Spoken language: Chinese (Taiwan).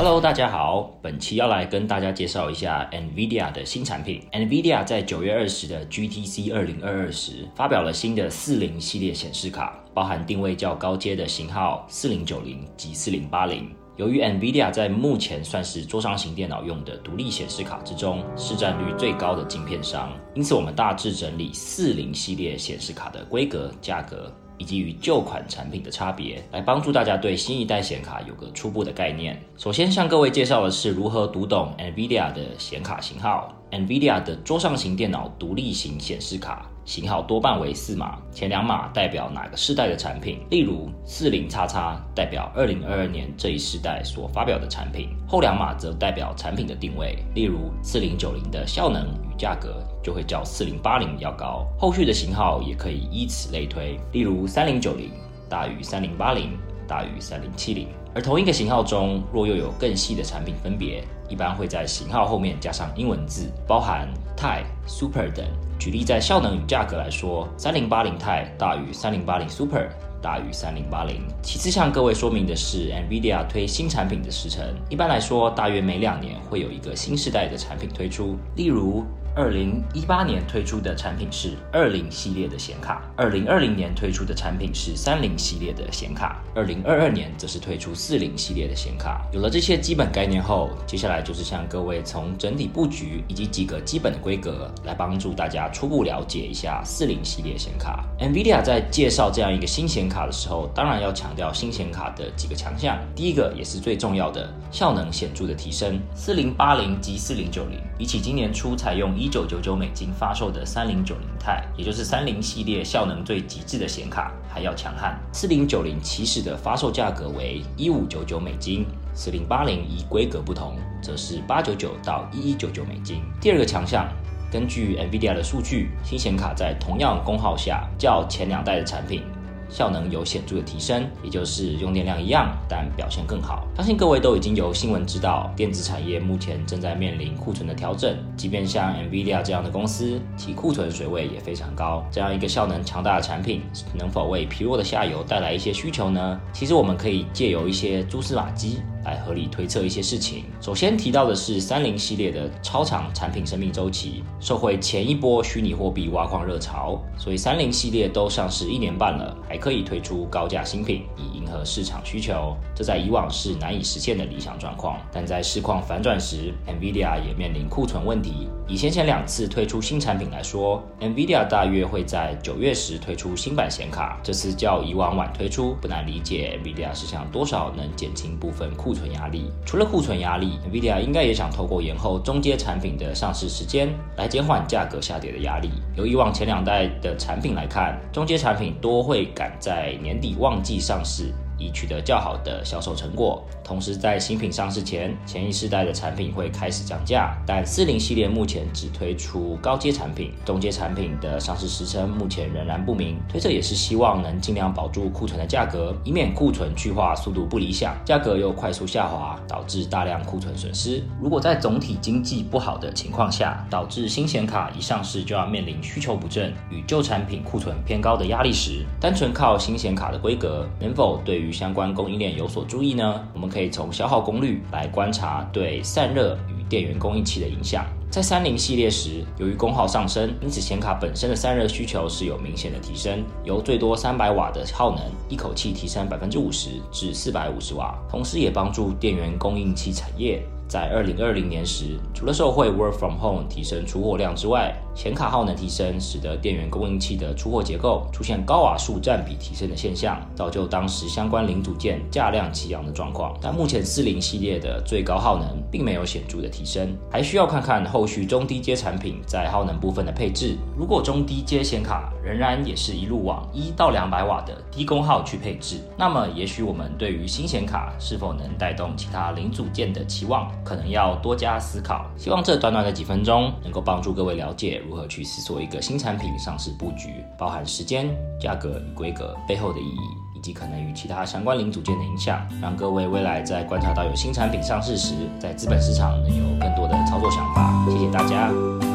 Hello，大家好，本期要來跟大家介紹一下 Nvidia 的新產品。Nvidia 在九月二十的 GTC 二零二二時發表了新的四零系列顯示卡，包含定位較高階的型號四零九零及四零八零。由於 Nvidia 在目前算是桌上型電腦用的獨立顯示卡之中，市占率最高的晶片商，因此我們大致整理四零系列顯示卡的規格、價格。以及與舊款產品的差別，來幫助大家對新一代顯卡有個初步的概念。首先向各位介紹的是如何讀懂 NVIDIA 的顯卡型號，NVIDIA 的桌上型電腦獨立型顯示卡，型號多半為四碼，前兩碼代表哪個世代的產品，例如四零叉叉代表二零二二年這一世代所發表的產品，後兩碼則代表產品的定位，例如四零九零的效能與價格就會較四零八零要高，後續的型號也可以依此類推，例如三零九零大於三零八零大於三零七零。而同一個型號中，若又有更細的產品分別，一般會在型號後面加上英文字，包含 Ti、Super 等。舉例在效能與價格來說，三零八零 Ti 大於三零八零 Super 大於三零八零。其次向各位說明的是，NVIDIA 推新產品的時程，一般來說大約每兩年會有一個新世代的產品推出，例如，二零一八年推出的產品是二零系列的顯卡，二零二零年推出的產品是三零系列的顯卡，二零二二年則是推出四零系列的顯卡。有了這些基本概念後，接下來就是向各位從整體布局以及幾個基本的規格來幫助大家初步了解一下四零系列顯卡。NVIDIA 在介紹這樣一個新顯卡的時候，當然要強調新顯卡的幾個強項。第一個也是最重要的，效能顯著的提升。四零八零及四零九零，比起今年初採用一一九九九美金發售的三零九零 Ti，也就是三零系列效能最極致的顯卡，還要強悍。四零九零起始的發售價格為一五九九美金，四零八零以規格不同，則是八九九到一一九九美金。第二個強項，根據 NVIDIA 的數據，新顯卡在同樣功耗下，較前兩代的產品，效能有顯著的提升，也就是用電量一樣，但表現更好。相信各位都已經有新聞知道，電子產業目前正在面臨庫存的調整。即便像 Nvidia 這樣的公司，其庫存水位也非常高。這樣一個效能強大的產品，能否為疲弱的下游帶來一些需求呢？其實我們可以借由一些蛛絲馬跡。來合理推測一些事情。首先提到的是三零系列的超長產品生命周期，收回前一波虛擬貨幣挖礦熱潮，所以三零系列都上市一年半了，還可以推出高價新品以營和市場需求，這在以往是難以實現的理想狀況。但在市況反轉時，NVIDIA 也面臨庫存問題。以先前兩次推出新產品來說，NVIDIA 大約會在九月時推出新版顯卡。這次較以往晚推出，不難理解，NVIDIA 是想多少能減輕部分庫存壓力。除了庫存壓力，NVIDIA 應該也想透過延後中階產品的上市時間，來減緩價格下跌的壓力。由以往前兩代的產品來看，中階產品多會趕在年底旺季上市。已取得較好的銷售成果，同時在新品上市前，前，前一世代的產品會開始降價，但四零系列目前只推出高階產品，中階產品的上市時程目前仍然不明。推測也是希望能盡量保住庫存的價格，以免庫存去化速度不理想，價格又快速下滑，導致大量庫存損失。如果在總體經濟不好的情況下，導致新顯卡一上市就要面臨需求不振與舊產品庫存偏高的壓力時，單純靠新顯卡的規格能否對於與相關供應鏈有所注意呢？我們可以從消耗功率來觀察對散熱與電源供應器的影響。在三零系列時，由於功耗上升，因此顯卡本身的散熱需求是有明顯的提升，由最多三百瓦的耗能，一口氣提升百分之五十至四百五十瓦，同時也幫助電源供應器產業。在二零二零年時，除了受惠 Work from Home 提升出貨量之外，顯卡耗能提升，使得電源供應器的出貨結構出現高瓦數占比提升的現象，造就當時相關零組件價量齊揚的狀況。但目前四零系列的最高耗能並沒有顯著的提升，還需要看看後續中低階產品在耗能部分的配置。如果中低階顯卡仍然也是一路往一到兩百瓦的低功耗去配置，那麼也許我們對於新顯卡是否能帶動其他零組件的期望。可能要多加思考。希望這短短的幾分鐘能夠幫助各位了解如何去思索一個新產品上市布局，包含時間、價格與規格背後的意義，以及可能與其他相關零組件的影響，讓各位未來在觀察到有新產品上市時，在資本市場能有更多的操作想法。謝謝大家。